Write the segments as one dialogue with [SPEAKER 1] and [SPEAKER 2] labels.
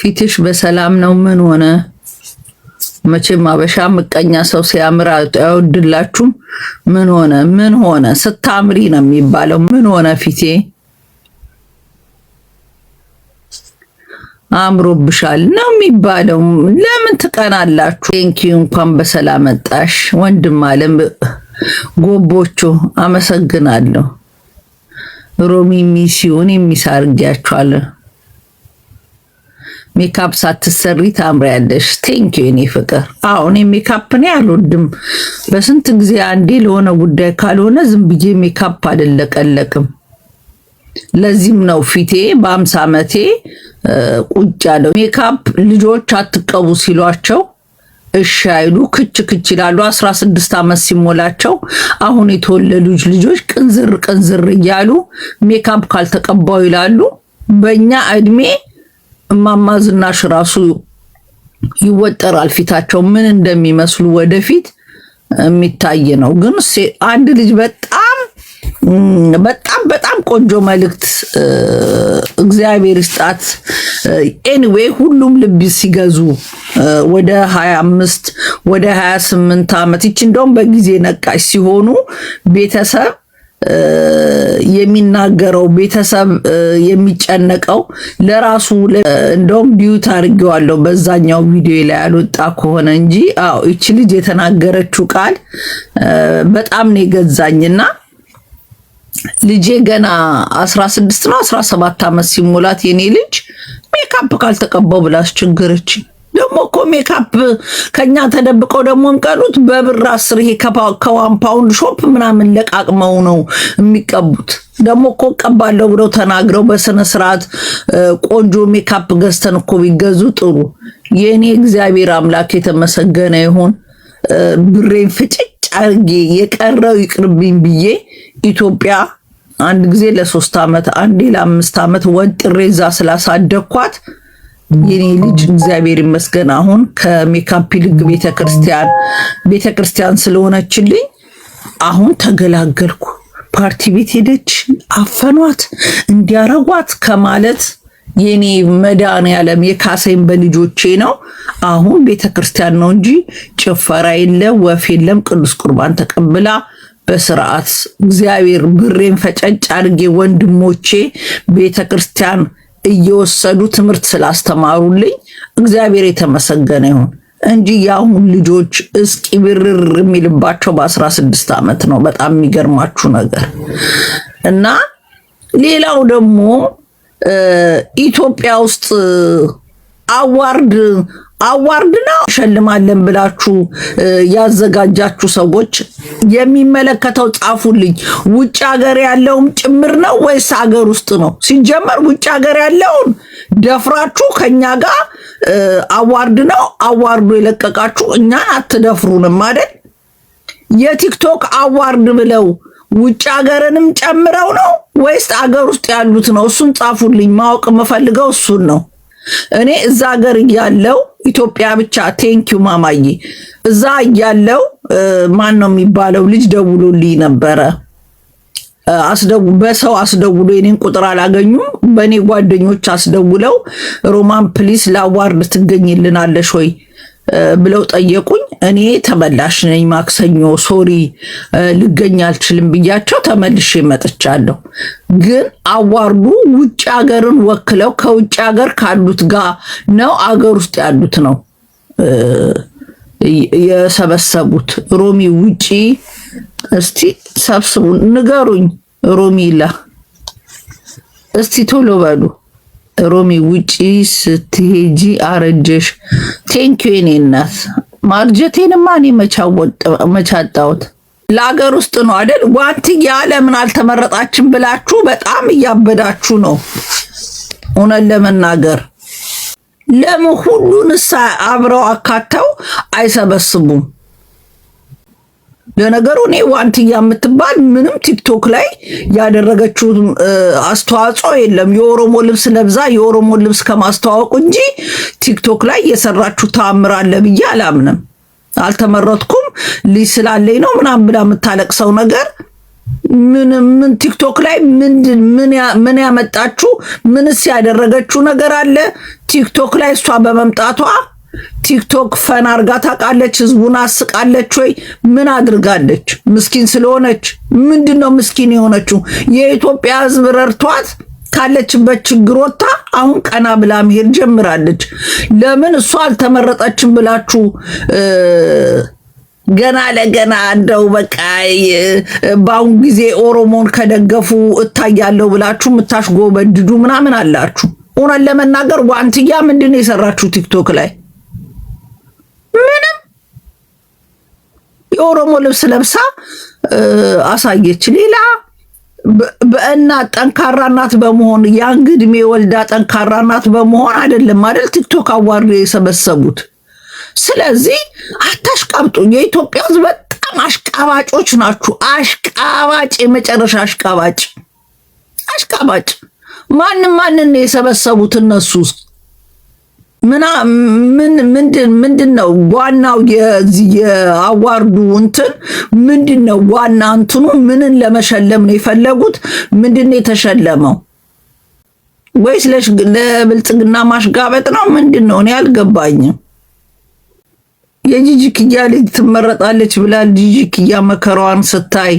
[SPEAKER 1] ፊትሽ በሰላም ነው? ምን ሆነ? መቼም አበሻ ምቀኛ ሰው ሲያምር አይወድላችሁም። ምን ሆነ? ምን ሆነ? ስታምሪ ነው የሚባለው። ምን ሆነ ፊቴ? አምሮብሻል ነው የሚባለው። ለምን ትቀናላችሁ? ቴንኪዩ እንኳን በሰላም መጣሽ ወንድም አለም ጎቦቹ አመሰግናለሁ። ሮሚ ሚሲዮን የሚሳርጊያችኋለሁ ሜካፕ ሳትሰሪ ታምሪያለሽ። ቴንኪ የኔ ፍቅር። አዎ እኔ ሜካፕ እኔ አልወድም። በስንት ጊዜ አንዴ ለሆነ ጉዳይ ካልሆነ ዝም ብዬ ሜካፕ አልለቀለቅም። ለዚህም ነው ፊቴ በአምሳ ዓመቴ ቁጭ ያለው። ሜካፕ ልጆች አትቀቡ ሲሏቸው እሺ አይሉ ክች ክች ይላሉ። አስራ ስድስት ዓመት ሲሞላቸው አሁን የተወለዱ ልጆች ቅንዝር ቅንዝር እያሉ ሜካፕ ካልተቀባው ይላሉ። በእኛ እድሜ እማማ ዝናሽ ራሱ ይወጠራል ፊታቸው ምን እንደሚመስሉ ወደፊት የሚታይ ነው። ግን አንድ ልጅ በጣም በጣም በጣም ቆንጆ መልእክት እግዚአብሔር ይስጣት። ኤኒዌይ ሁሉም ልብ ሲገዙ ወደ 25 ወደ 28 ዓመት ይች እንደውም በጊዜ ነቃሽ ሲሆኑ ቤተሰብ የሚናገረው ቤተሰብ የሚጨነቀው ለራሱ እንደውም ዲዩት አድርጌዋለሁ በዛኛው ቪዲዮ ላይ ያልወጣ ከሆነ እንጂ አዎ ይቺ ልጅ የተናገረችው ቃል በጣም ነው የገዛኝና ልጄ ገና 16 ነው 17 ዓመት ሲሞላት የኔ ልጅ ሜካፕ ካልተቀባው ብላ አስቸገረችኝ። ደግሞ እኮ ሜካፕ ከኛ ተደብቀው ደግሞ የሚቀሩት በብር አስር ይሄ ከዋን ፓውንድ ሾፕ ምናምን ለቃቅመው ነው የሚቀቡት። ደግሞ እኮ ቀባለው ብለው ተናግረው በስነ ስርዓት ቆንጆ ሜካፕ ገዝተን እኮ ቢገዙ ጥሩ። የእኔ እግዚአብሔር አምላክ የተመሰገነ ይሁን። ብሬን ፍጭጭ አርጌ የቀረው ይቅርብኝ ብዬ ኢትዮጵያ አንድ ጊዜ ለሶስት ዓመት አንዴ ለአምስት ዓመት ወጥሬ እዛ ስላሳደግኳት የኔ ልጅ እግዚአብሔር ይመስገን አሁን ከሜካፕ ይልቅ ቤተክርስቲያን ቤተክርስቲያን ስለሆነችልኝ አሁን ተገላገልኩ። ፓርቲ ቤት ሄደች አፈኗት እንዲያረጓት ከማለት የኔ መድኃኒዓለም የካሰኝ በልጆቼ ነው። አሁን ቤተክርስቲያን ነው እንጂ ጭፈራ የለም፣ ወፍ የለም። ቅዱስ ቁርባን ተቀብላ በስርዓት እግዚአብሔር ብሬን ፈጨጭ አድርጌ ወንድሞቼ ቤተክርስቲያን እየወሰዱ ትምህርት ስላስተማሩልኝ እግዚአብሔር የተመሰገነ ይሁን እንጂ የአሁን ልጆች እስቂ ብርር የሚልባቸው በ16 ዓመት ነው። በጣም የሚገርማችሁ ነገር እና ሌላው ደግሞ ኢትዮጵያ ውስጥ አዋርድ አዋርድ ነው ሸልማለን ብላችሁ ያዘጋጃችሁ ሰዎች የሚመለከተው ጻፉልኝ። ውጭ ሀገር ያለውም ጭምር ነው ወይስ ሀገር ውስጥ ነው? ሲጀመር ውጭ ሀገር ያለውን ደፍራችሁ ከኛ ጋር አዋርድ ነው አዋርዱ የለቀቃችሁ እኛን አትደፍሩንም አይደል? የቲክቶክ አዋርድ ብለው ውጭ ሀገርንም ጨምረው ነው ወይስ አገር ውስጥ ያሉት ነው? እሱን ጻፉልኝ። ማወቅ የምፈልገው እሱን ነው። እኔ እዛ ሀገር ያለው ኢትዮጵያ ብቻ ቴንኪ ማማዬ። እዛ እያለው ማን ነው የሚባለው ልጅ ደውሎልኝ ነበረ። በሰው አስደውሎ የኔን ቁጥር አላገኙም። በእኔ ጓደኞች አስደውለው ሮማን ፕሊስ ለአዋርድ ትገኝልናለሽ ወይ ብለው ጠየቁኝ። እኔ ተመላሽ ነኝ ማክሰኞ ሶሪ ልገኝ አልችልም ብያቸው ተመልሼ መጥቻለሁ። ግን አዋርዱ ውጭ ሀገርን ወክለው ከውጭ ሀገር ካሉት ጋር ነው አገር ውስጥ ያሉት ነው የሰበሰቡት። ሮሚ ውጪ እስቲ ሰብስቡ ንገሩኝ። ሮሚላ እስቲ ቶሎ በሉ። ሮሚ ውጪ ስትሄጂ አረጀሽ። ቴንኪዩ የኔ እናት ማርጀቴንማ እኔ መቻጣሁት ለሀገር ውስጥ ነው አይደል? ዋንትያ ለምን አልተመረጣችን ብላችሁ በጣም እያበዳችሁ ነው። እውነት ለመናገር ለምን ሁሉን አብረው አካተው አይሰበስቡም? ለነገሩ እኔ ዋንትያ የምትባል ምንም ቲክቶክ ላይ ያደረገችው አስተዋጽኦ የለም። የኦሮሞ ልብስ ለብዛ የኦሮሞ ልብስ ከማስተዋወቁ እንጂ ቲክቶክ ላይ የሰራችሁ ተአምር አለ ብዬ አላምንም። አልተመረጥኩም ልጅ ስላለኝ ነው ምናምን ብላ የምታለቅሰው ነገር ምን ቲክቶክ ላይ ምን ያመጣችሁ? ምንስ ያደረገችው ነገር አለ ቲክቶክ ላይ እሷ በመምጣቷ ቲክቶክ ፈን አርጋ ታውቃለች? ህዝቡን አስቃለች ወይ? ምን አድርጋለች? ምስኪን ስለሆነች ምንድን ነው ምስኪን የሆነችው? የኢትዮጵያ ህዝብ ረድቷት ካለችበት ችግር ወጥታ አሁን ቀና ብላ መሄድ ጀምራለች። ለምን እሷ አልተመረጠችም ብላችሁ ገና ለገና እንደው በቃ በአሁን ጊዜ ኦሮሞን ከደገፉ እታያለሁ ብላችሁ የምታሽጎበድዱ ምናምን አላችሁ። እውነት ለመናገር ዋንትያ ምንድን ነው የሰራችሁ ቲክቶክ ላይ? የኦሮሞ ልብስ ለብሳ አሳየች። ሌላ በእና ጠንካራ በመሆን ያን ግድሜ ወልዳ ጠንካራ በመሆን አይደለም አይደል ቲክቶክ አዋርድ የሰበሰቡት። ስለዚህ አታሽቃብጡ። የኢትዮጵያ ሕዝብ በጣም አሽቃባጮች ናችሁ። አሽቃባጭ፣ የመጨረሻ አሽቃባጭ፣ አሽቃባጭ። ማንም ማንን የሰበሰቡት እነሱ ምንድን ነው ዋናው የአዋርዱ እንትን ምንድን ነው ዋና እንትኑ ምንን ለመሸለም ነው የፈለጉት? ምንድን ነው የተሸለመው? ወይስ ለብልጽግና ማሽጋበጥ ነው? ምንድን ነው? እኔ አልገባኝም። የጂጂ ልጅ ትመረጣለች ብላል። ጂጂ መከራዋን ስታይ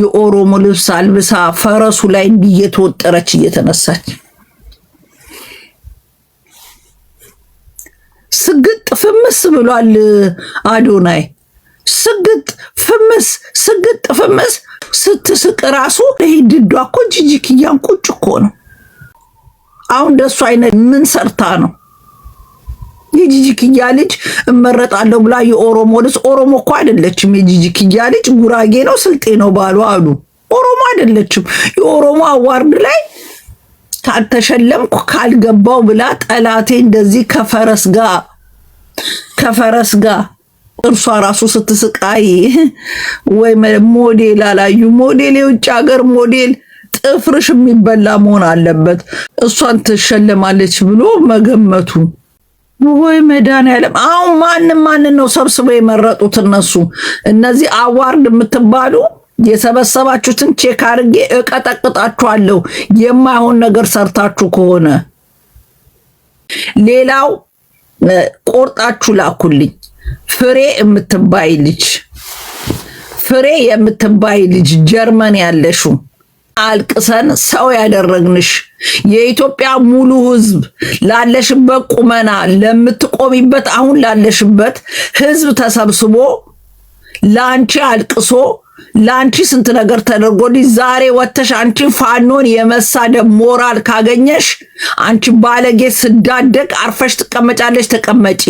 [SPEAKER 1] የኦሮሞ ልብስ አልብሳ ፈረሱ ላይ እየተወጠረች እየተነሳች ስግጥ ፍምስ ብሏል አዶናይ። ስግጥ ፍምስ ስግጥ ፍምስ ስትስቅ ራሱ ይህ ድዷ እኮ ጅጅክያን ቁጭ እኮ ነው። አሁን እንደሱ አይነት ምን ሰርታ ነው የጂጂክያ ልጅ እመረጣለሁ ብላ የኦሮሞ ልጅ ኦሮሞ እኮ አይደለችም። የጂጂክያ ልጅ ጉራጌ ነው ስልጤ ነው ባሉ አሉ። ኦሮሞ አይደለችም። የኦሮሞ አዋርድ ላይ ካልተሸለምኩ ካልገባው ብላ ጠላቴ እንደዚህ ከፈረስ ጋር ከፈረስ ጋር እርሷ ራሱ ስትስቃይ ወይ ሞዴል አላዩ ሞዴል የውጭ ሀገር ሞዴል ጥፍርሽ የሚበላ መሆን አለበት እሷን ትሸለማለች ብሎ መገመቱ ወይ መድኃኒዓለም አሁን ማንም ማንን ነው ሰብስበው የመረጡት እነሱ እነዚህ አዋርድ የምትባሉ የሰበሰባችሁትን ቼክ አድርጌ እቀጠቅጣችኋለሁ የማይሆን ነገር ሰርታችሁ ከሆነ ሌላው ቆርጣችሁ ላኩልኝ። ፍሬ የምትባይ ልጅ ፍሬ የምትባይ ልጅ ጀርመን ያለሹ አልቅሰን ሰው ያደረግንሽ የኢትዮጵያ ሙሉ ሕዝብ ላለሽበት ቁመና ለምትቆሚበት አሁን ላለሽበት ሕዝብ ተሰብስቦ ለአንቺ አልቅሶ ለአንቺ ስንት ነገር ተደርጎልሽ ዛሬ ወተሽ አንቺ ፋኖን የመሳደብ ሞራል ካገኘሽ አንቺ ባለጌ ስዳደግ አርፈሽ ትቀመጫለሽ። ተቀመጪ።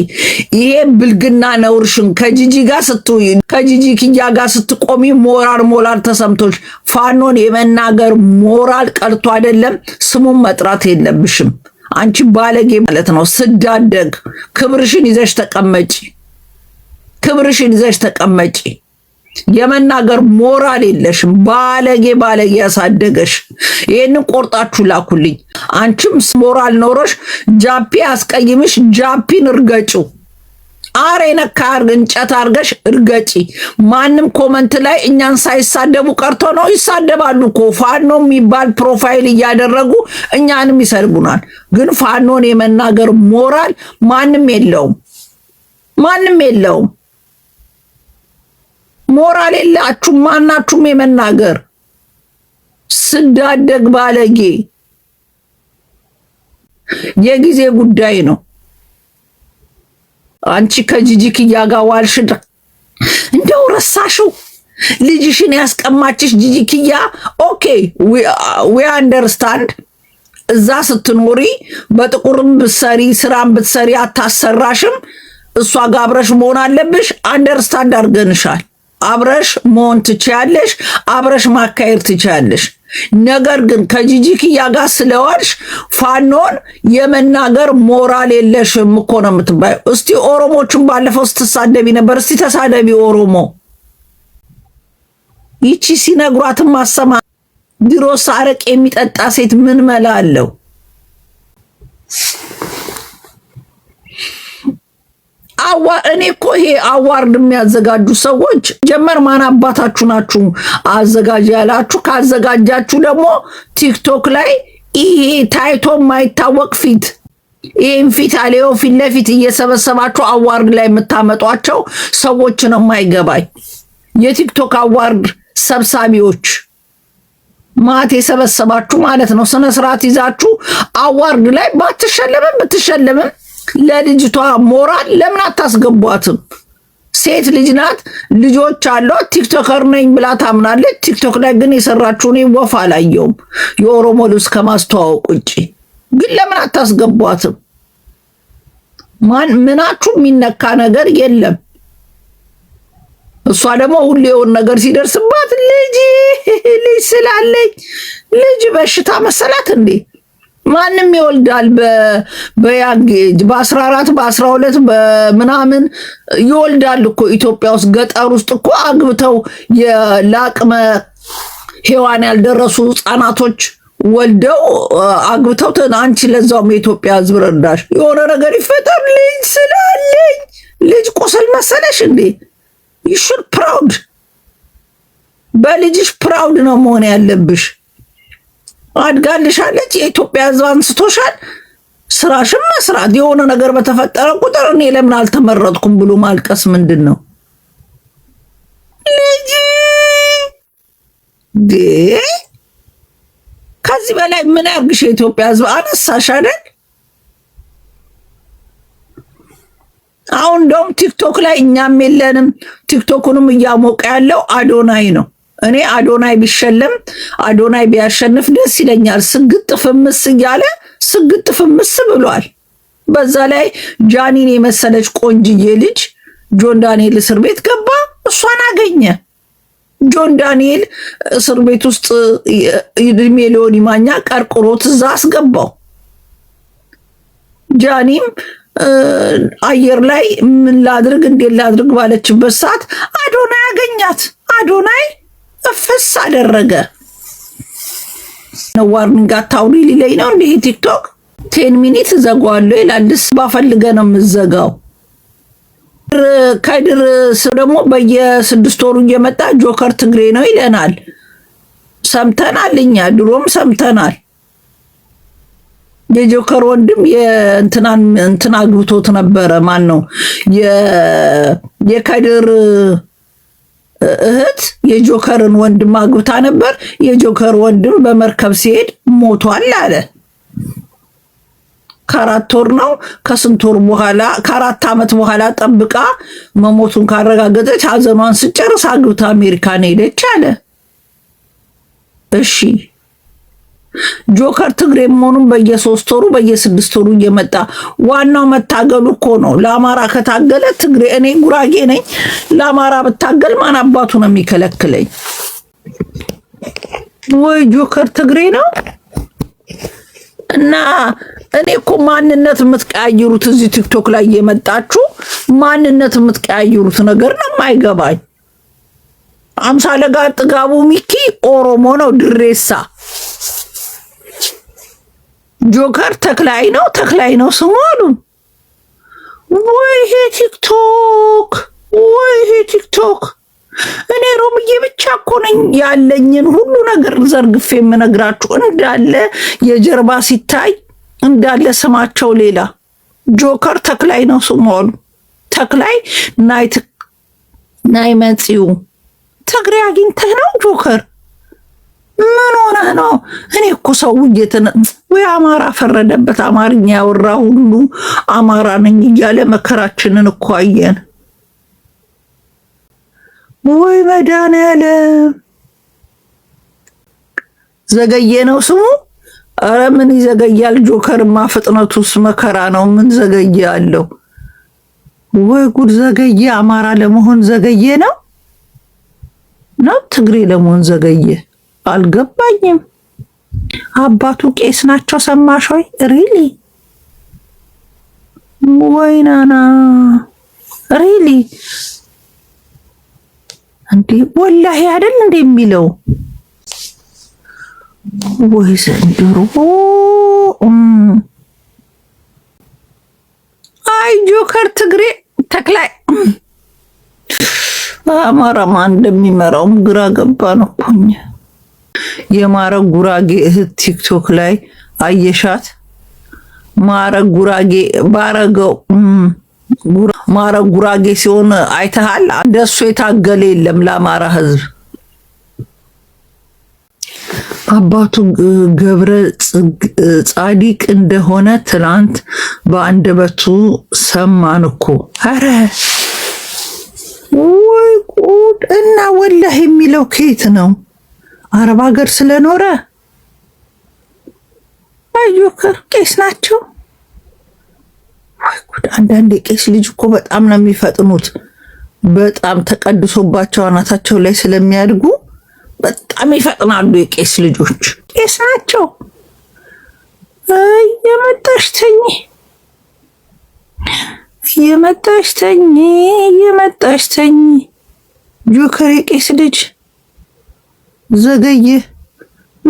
[SPEAKER 1] ይሄ ብልግና ነውርሽን ከጂጂ ጋር ስት ከጂጂ ኪያ ጋር ስትቆሚ ሞራል ሞራል ተሰምቶች ፋኖን የመናገር ሞራል ቀርቶ አይደለም ስሙን መጥራት የለብሽም። አንቺ ባለጌ ማለት ነው ስዳደግ። ክብርሽን ይዘሽ ተቀመጪ። ክብርሽን ይዘሽ ተቀመጪ። የመናገር ሞራል የለሽም። ባለጌ ባለጌ ያሳደገሽ። ይህንን ቆርጣችሁ ላኩልኝ። አንቺም ሞራል ኖሮሽ ጃፒ አስቀይምሽ፣ ጃፒን እርገጩ። አር የነካ እንጨት አርገሽ እርገጪ። ማንም ኮመንት ላይ እኛን ሳይሳደቡ ቀርቶ ነው። ይሳደባሉ እኮ ፋኖ የሚባል ፕሮፋይል እያደረጉ እኛንም ይሰድቡናል። ግን ፋኖን የመናገር ሞራል ማንም የለውም፣ ማንም የለውም። ሞራል የላችሁም ማናችሁም የመናገር ስዳደግ ባለጌ የጊዜ ጉዳይ ነው። አንቺ ከጂጂክያ ጋር ዋልሽ፣ እንደው ረሳሽው ልጅሽን ያስቀማችሽ ጂጂክያ። ኦኬ ዊ አንደርስታንድ እዛ ስትኖሪ በጥቁርም ብትሰሪ ስራም ብትሰሪ አታሰራሽም። እሷ ጋብረሽ አብረሽ መሆን አለብሽ። አንደርስታንድ አድርገንሻል። አብረሽ መሆን ትቻለሽ፣ አብረሽ ማካሄድ ትቻለሽ። ነገር ግን ከጂጂክያ ጋር ስለዋልሽ ፋኖን የመናገር ሞራል የለሽም እኮ ነው የምትባየው። እስቲ ኦሮሞቹን ባለፈው ስትሳደቢ ነበር። እስቲ ተሳደቢ ኦሮሞ። ይቺ ሲነግሯትም ማሰማ ድሮስ አረቅ የሚጠጣ ሴት ምን መላ አለው? አዋ እኔ እኮ ይሄ አዋርድ የሚያዘጋጁ ሰዎች ጀመር ማን አባታችሁ ናችሁ? አዘጋጅ ያላችሁ ካዘጋጃችሁ ደግሞ ቲክቶክ ላይ ይሄ ታይቶ የማይታወቅ ፊት ይህም ፊት አሌዮ ፊት ለፊት እየሰበሰባችሁ አዋርድ ላይ የምታመጧቸው ሰዎችን የማይገባኝ የቲክቶክ አዋርድ ሰብሳቢዎች ማት የሰበሰባችሁ ማለት ነው። ስነስርዓት ይዛችሁ አዋርድ ላይ ባትሸለምም ብትሸለምም ለልጅቷ ሞራል ለምን አታስገቧትም? ሴት ልጅ ናት፣ ልጆች አሏት። ቲክቶከር ነኝ ብላ ታምናለች። ቲክቶክ ላይ ግን የሰራችውን ወፍ አላየውም የኦሮሞ ልብስ ከማስተዋወቅ ውጭ። ግን ለምን አታስገቧትም? ማን ምናችሁ የሚነካ ነገር የለም። እሷ ደግሞ ሁሌውን ነገር ሲደርስባት ልጅ ልጅ ስላለኝ ልጅ በሽታ መሰላት እንዴ? ማንም ይወልዳል። በያጌጅ ኤጅ በአስራ አራት በአስራ ሁለት በምናምን ይወልዳል እኮ ኢትዮጵያ ውስጥ ገጠር ውስጥ እኮ አግብተው ለአቅመ ሔዋን ያልደረሱ ህጻናቶች ወልደው አግብተው አንቺ ለዛውም የኢትዮጵያ ህዝብ ረዳሽ የሆነ ነገር ይፈጠር ልጅ ስላለኝ ልጅ ቁስል መሰለሽ እንዴ? ይሹል ፕራውድ በልጅሽ ፕራውድ ነው መሆን ያለብሽ። አድጋልሻለች። የኢትዮጵያ ሕዝብ አንስቶሻል። ስራሽም መስራት የሆነ ነገር በተፈጠረ ቁጥር እኔ ለምን አልተመረጥኩም ብሎ ማልቀስ ምንድን ነው? ልጅ ከዚህ በላይ ምን ያርግሽ? የኢትዮጵያ ሕዝብ አነሳሽ አይደል? አሁን እንደውም ቲክቶክ ላይ እኛም የለንም። ቲክቶኩንም እያሞቀ ያለው አዶናይ ነው። እኔ አዶናይ ቢሸለም አዶናይ ቢያሸንፍ ደስ ይለኛል። ስግጥ ፍምስ እያለ ስግጥ ፍምስ ብሏል። በዛ ላይ ጃኒን የመሰለች ቆንጅዬ ልጅ ጆን ዳንኤል እስር ቤት ገባ፣ እሷን አገኘ። ጆን ዳንኤል እስር ቤት ውስጥ ሊሆን ይማኛ ቀርቅሮት እዛ አስገባው። ጃኒም አየር ላይ ምን ላድርግ እንዴት ላድርግ ባለችበት ሰዓት አዶናይ አገኛት። አዶናይ እፍስ አደረገ። ዋርኒንግ አታውሪ ሊለኝ ነው እንዲህ ቲክቶክ ቴን ሚኒት እዘጋዋለሁ ይላልስ ባፈልገ ነው የምዘጋው። ከድር ሰው ደግሞ በየስድስት ወሩ እየመጣ ጆከር ትግሬ ነው ይለናል። ሰምተናል፣ እኛ ድሮም ሰምተናል። የጆከር ወንድም የእንትና አግብቶት ነበረ። ማን ነው የከድር እህት የጆከርን ወንድም አግብታ ነበር። የጆከር ወንድም በመርከብ ሲሄድ ሞቷል አለ። ከአራት ወር ነው ከስንት ወር በኋላ ከአራት ዓመት በኋላ ጠብቃ መሞቱን ካረጋገጠች ሐዘኗን ስጨርስ አግብታ አሜሪካን ሄደች አለ። እሺ ጆከር ትግሬ መሆኑን በየሶስት ወሩ በየስድስት ወሩ እየመጣ ዋናው መታገሉ እኮ ነው። ለአማራ ከታገለ ትግሬ እኔ ጉራጌ ነኝ። ለአማራ ብታገል ማን አባቱ ነው የሚከለክለኝ? ወይ ጆከር ትግሬ ነው እና እኔ እኮ ማንነት የምትቀያይሩት እዚህ ቲክቶክ ላይ እየመጣችሁ ማንነት የምትቀያይሩት ነገር ነው የማይገባኝ። ለጋ ጥጋቡ ሚኪ ኦሮሞ ነው ድሬሳ ጆከር ተክላይ ነው ተክላይ ነው ስሙ አሉ። ወይ ቲክቶክ ወይ ቲክቶክ እኔ ሮምዬ ብቻ እኮ ነኝ ያለኝን ሁሉ ነገር ዘርግፌ የምነግራችሁ እንዳለ የጀርባ ሲታይ እንዳለ ስማቸው ሌላ ጆከር ተክላይ ነው ስሙ አሉ። ተክላይ ናይ መንጽዩ ትግሬ አግኝተህ ነው ጆከር ምን ሆነህ ነው? እኔ እኮ ሰው እየተነ ወይ አማራ ፈረደበት አማርኛ ያወራ ሁሉ አማራ ነኝ እያለ መከራችንን እኮ አየን። ወይ መድኃኒዓለም ዘገየ ነው ስሙ። ኧረ ምን ይዘገያል? ጆከርማ ፍጥነቱስ መከራ ነው። ምን ዘገየ አለው? ወይ ጉድ ዘገየ። አማራ ለመሆን ዘገየ ነው ነው ትግሬ ለመሆን ዘገየ አልገባኝም። አባቱ ቄስ ናቸው። ሰማሽ ወይ? ሪሊ ወይናና ሪሊ እንዴ ወላሂ አይደል እንዴ የሚለው ወይ ዘንድሮ አይ ጆከር ትግሬ ተክላይ አማራማ እንደሚመራውም ግራ ገባ ነው እኮ እኛ የማረ ጉራጌ እህት ቲክቶክ ላይ አየሻት? ማረ ጉራጌ ባረገው ማረ ጉራጌ ሲሆን አይተሃል። እንደሱ የታገለ የለም ለአማራ ህዝብ። አባቱ ገብረ ጻዲቅ እንደሆነ ትናንት በአንደበቱ ሰማን እኮ። አረ ወይ ጉድ! እና ወላህ የሚለው ከየት ነው? አረብ ሀገር ስለኖረ አዩክር ቄስ ናቸው። አንዳንድ የቄስ ልጅ እኮ በጣም ነው የሚፈጥኑት። በጣም ተቀድሶባቸው አናታቸው ላይ ስለሚያድጉ በጣም ይፈጥናሉ። የቄስ ልጆች ቄስ ናቸው። እየመጣሽ ተኝ እየመጣሽ ተኝ እየመጣሽ ተኝ ጆከር የቄስ ልጅ ዘገየ?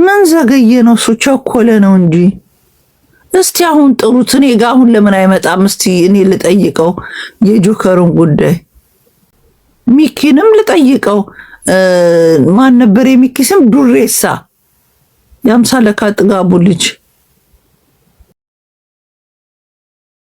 [SPEAKER 1] ምን ዘገየ ነው? እሱ ቸኮለ ነው እንጂ። እስቲ አሁን ጥሩት። እኔ ጋ አሁን ለምን አይመጣም? እስቲ እኔ ልጠይቀው የጆከርን ጉዳይ፣ ሚኪንም ልጠይቀው። ማን ነበር ስም? ዱሬሳ የአምሳለካ ጥጋቡ ልጅ